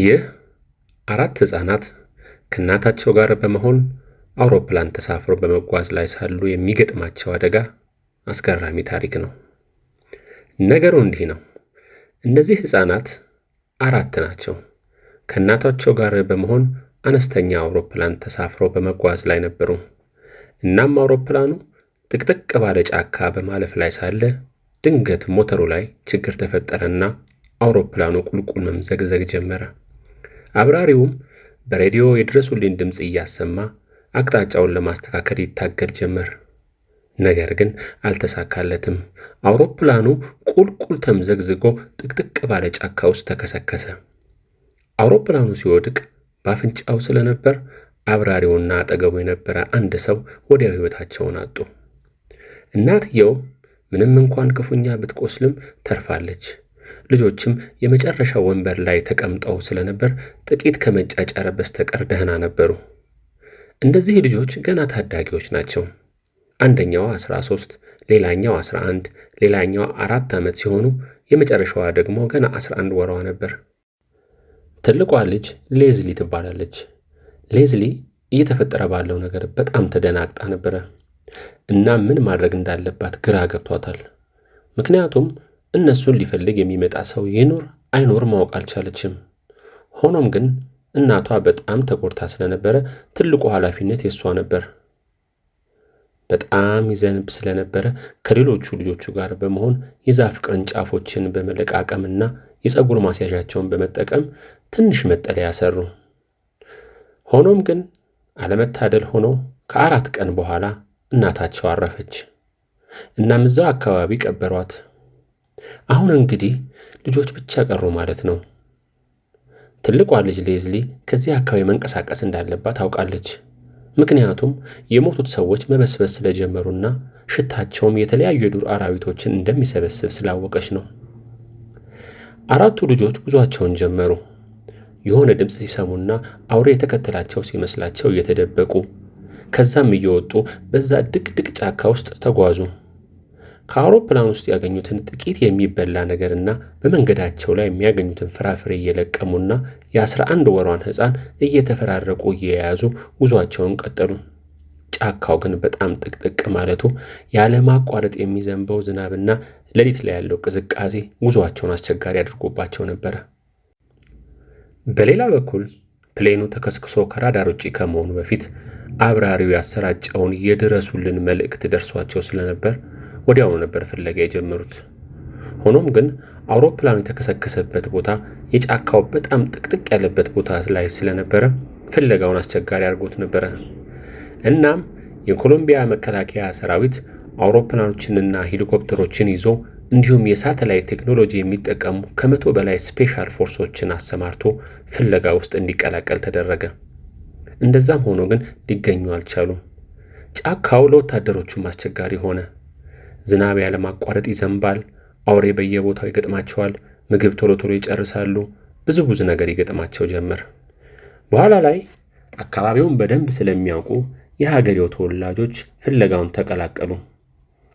ይህ አራት ሕፃናት ከእናታቸው ጋር በመሆን አውሮፕላን ተሳፍሮ በመጓዝ ላይ ሳሉ የሚገጥማቸው አደጋ አስገራሚ ታሪክ ነው። ነገሩ እንዲህ ነው። እነዚህ ሕፃናት አራት ናቸው። ከእናታቸው ጋር በመሆን አነስተኛ አውሮፕላን ተሳፍሮ በመጓዝ ላይ ነበሩ። እናም አውሮፕላኑ ጥቅጥቅ ባለ ጫካ በማለፍ ላይ ሳለ ድንገት ሞተሩ ላይ ችግር ተፈጠረና አውሮፕላኑ ቁልቁል መምዘግዘግ ጀመረ። አብራሪውም በሬዲዮ የድረሱልኝ ድምፅ እያሰማ አቅጣጫውን ለማስተካከል ይታገል ጀመር። ነገር ግን አልተሳካለትም። አውሮፕላኑ ቁልቁል ተምዘግዝጎ ጥቅጥቅ ባለ ጫካ ውስጥ ተከሰከሰ። አውሮፕላኑ ሲወድቅ በአፍንጫው ስለነበር አብራሪውና አጠገቡ የነበረ አንድ ሰው ወዲያው ሕይወታቸውን አጡ። እናትየው ምንም እንኳን ክፉኛ ብትቆስልም ተርፋለች። ልጆችም የመጨረሻ ወንበር ላይ ተቀምጠው ስለነበር ጥቂት ከመጫጫረ በስተቀር ደህና ነበሩ። እነዚህ ልጆች ገና ታዳጊዎች ናቸው። አንደኛዋ 13 ሌላኛው 11 ሌላኛው አራት ዓመት ሲሆኑ የመጨረሻዋ ደግሞ ገና 11 ወረዋ ነበር። ትልቋ ልጅ ሌዝሊ ትባላለች። ሌዝሊ እየተፈጠረ ባለው ነገር በጣም ተደናግጣ ነበረ እና ምን ማድረግ እንዳለባት ግራ ገብቷታል። ምክንያቱም እነሱን ሊፈልግ የሚመጣ ሰው ይኑር አይኖር ማወቅ አልቻለችም። ሆኖም ግን እናቷ በጣም ተጎድታ ስለነበረ ትልቁ ኃላፊነት የእሷ ነበር። በጣም ይዘንብ ስለነበረ ከሌሎቹ ልጆቹ ጋር በመሆን የዛፍ ቅርንጫፎችን በመለቃቀምና የፀጉር ማስያዣቸውን በመጠቀም ትንሽ መጠለያ ሰሩ። ሆኖም ግን አለመታደል ሆኖ ከአራት ቀን በኋላ እናታቸው አረፈች። እናም እዛው አካባቢ ቀበሯት። አሁን እንግዲህ ልጆች ብቻ ቀሩ ማለት ነው። ትልቋ ልጅ ሌዝሊ ከዚህ አካባቢ መንቀሳቀስ እንዳለባት ታውቃለች። ምክንያቱም የሞቱት ሰዎች መበስበስ ስለጀመሩና ሽታቸውም የተለያዩ የዱር አራዊቶችን እንደሚሰበስብ ስላወቀች ነው። አራቱ ልጆች ጉዟቸውን ጀመሩ። የሆነ ድምፅ ሲሰሙና አውሬ የተከተላቸው ሲመስላቸው እየተደበቁ ከዛም እየወጡ በዛ ድቅድቅ ጫካ ውስጥ ተጓዙ። ከአውሮፕላን ውስጥ ያገኙትን ጥቂት የሚበላ ነገርና በመንገዳቸው ላይ የሚያገኙትን ፍራፍሬ እየለቀሙና የአስራ 11 ወሯን ሕፃን እየተፈራረቁ እየያዙ ጉዟቸውን ቀጠሉ። ጫካው ግን በጣም ጥቅጥቅ ማለቱ ያለማቋረጥ የሚዘንበው ዝናብና ሌሊት ላይ ያለው ቅዝቃዜ ጉዟቸውን አስቸጋሪ አድርጎባቸው ነበረ። በሌላ በኩል ፕሌኑ ተከስክሶ ከራዳር ውጪ ከመሆኑ በፊት አብራሪው ያሰራጨውን የድረሱልን መልእክት ደርሷቸው ስለነበር ወዲያውኑ ነበር ፍለጋ የጀመሩት። ሆኖም ግን አውሮፕላኑ የተከሰከሰበት ቦታ የጫካው በጣም ጥቅጥቅ ያለበት ቦታ ላይ ስለነበረ ፍለጋውን አስቸጋሪ አድርጎት ነበረ። እናም የኮሎምቢያ መከላከያ ሰራዊት አውሮፕላኖችንና ሄሊኮፕተሮችን ይዞ እንዲሁም የሳተላይት ቴክኖሎጂ የሚጠቀሙ ከመቶ በላይ ስፔሻል ፎርሶችን አሰማርቶ ፍለጋ ውስጥ እንዲቀላቀል ተደረገ። እንደዛም ሆኖ ግን ሊገኙ አልቻሉም። ጫካው ለወታደሮቹም አስቸጋሪ ሆነ። ዝናብ ያለማቋረጥ ይዘንባል። አውሬ በየቦታው ይገጥማቸዋል። ምግብ ቶሎ ቶሎ ይጨርሳሉ። ብዙ ብዙ ነገር ይገጥማቸው ጀመር። በኋላ ላይ አካባቢውን በደንብ ስለሚያውቁ የሀገሬው ተወላጆች ፍለጋውን ተቀላቀሉ።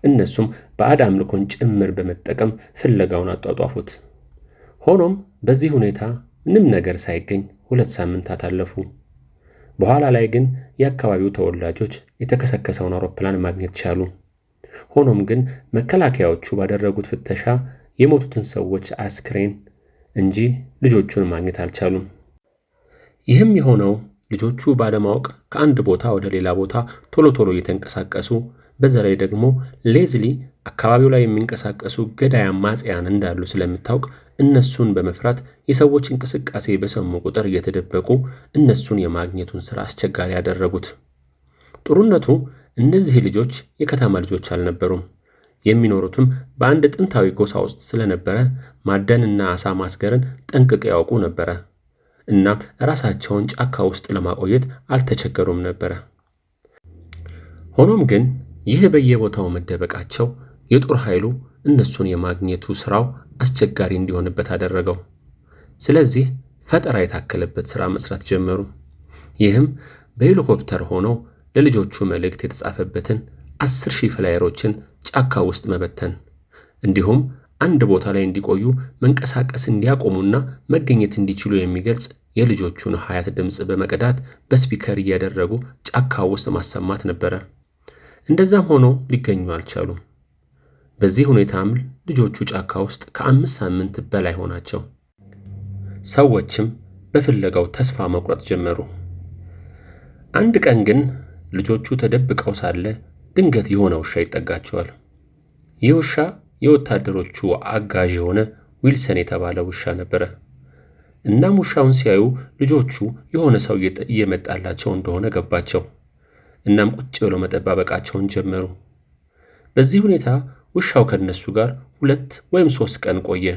እነሱም ባዕድ አምልኮን ጭምር በመጠቀም ፍለጋውን አጧጧፉት። ሆኖም በዚህ ሁኔታ ምንም ነገር ሳይገኝ ሁለት ሳምንታት አለፉ። በኋላ ላይ ግን የአካባቢው ተወላጆች የተከሰከሰውን አውሮፕላን ማግኘት ቻሉ። ሆኖም ግን መከላከያዎቹ ባደረጉት ፍተሻ የሞቱትን ሰዎች አስክሬን እንጂ ልጆቹን ማግኘት አልቻሉም። ይህም የሆነው ልጆቹ ባለማወቅ ከአንድ ቦታ ወደ ሌላ ቦታ ቶሎ ቶሎ እየተንቀሳቀሱ በዛ ላይ ደግሞ ሌዝሊ አካባቢው ላይ የሚንቀሳቀሱ ገዳይ አማጽያን እንዳሉ ስለምታውቅ እነሱን በመፍራት የሰዎች እንቅስቃሴ በሰሙ ቁጥር እየተደበቁ እነሱን የማግኘቱን ሥራ አስቸጋሪ ያደረጉት። ጥሩነቱ እነዚህ ልጆች የከተማ ልጆች አልነበሩም። የሚኖሩትም በአንድ ጥንታዊ ጎሳ ውስጥ ስለነበረ ማደንና አሳ ማስገርን ጠንቅቅ ያውቁ ነበረ። እናም ራሳቸውን ጫካ ውስጥ ለማቆየት አልተቸገሩም ነበረ። ሆኖም ግን ይህ በየቦታው መደበቃቸው የጦር ኃይሉ እነሱን የማግኘቱ ሥራው አስቸጋሪ እንዲሆንበት አደረገው። ስለዚህ ፈጠራ የታከለበት ሥራ መሥራት ጀመሩ። ይህም በሄሊኮፕተር ሆነው ለልጆቹ መልእክት የተጻፈበትን አስር ሺህ ፍላየሮችን ጫካ ውስጥ መበተን እንዲሁም አንድ ቦታ ላይ እንዲቆዩ መንቀሳቀስ እንዲያቆሙና መገኘት እንዲችሉ የሚገልጽ የልጆቹን ሀያት ድምፅ በመቀዳት በስፒከር እያደረጉ ጫካ ውስጥ ማሰማት ነበረ። እንደዛም ሆኖ ሊገኙ አልቻሉም። በዚህ ሁኔታም ልጆቹ ጫካ ውስጥ ከአምስት ሳምንት በላይ ሆናቸው። ሰዎችም በፍለጋው ተስፋ መቁረጥ ጀመሩ። አንድ ቀን ግን ልጆቹ ተደብቀው ሳለ ድንገት የሆነ ውሻ ይጠጋቸዋል። ይህ ውሻ የወታደሮቹ አጋዥ የሆነ ዊልሰን የተባለ ውሻ ነበረ። እናም ውሻውን ሲያዩ ልጆቹ የሆነ ሰው እየመጣላቸው እንደሆነ ገባቸው። እናም ቁጭ ብለው መጠባበቃቸውን ጀመሩ። በዚህ ሁኔታ ውሻው ከነሱ ጋር ሁለት ወይም ሶስት ቀን ቆየ።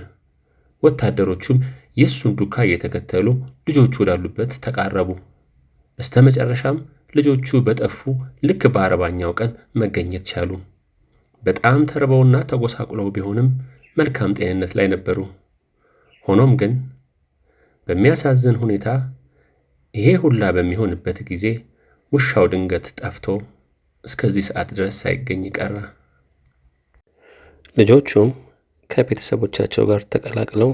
ወታደሮቹም የእሱን ዱካ እየተከተሉ ልጆቹ ወዳሉበት ተቃረቡ። በስተ መጨረሻም ልጆቹ በጠፉ ልክ በአርባኛው ቀን መገኘት ቻሉ። በጣም ተርበውና ተጎሳቁለው ቢሆንም መልካም ጤንነት ላይ ነበሩ። ሆኖም ግን በሚያሳዝን ሁኔታ ይሄ ሁላ በሚሆንበት ጊዜ ውሻው ድንገት ጠፍቶ እስከዚህ ሰዓት ድረስ ሳይገኝ ቀረ። ልጆቹም ከቤተሰቦቻቸው ጋር ተቀላቅለው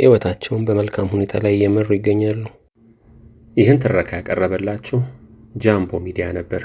ሕይወታቸውን በመልካም ሁኔታ ላይ እየመሩ ይገኛሉ። ይህን ትረካ ያቀረበላችሁ ጃምቦ ሚዲያ ነበር።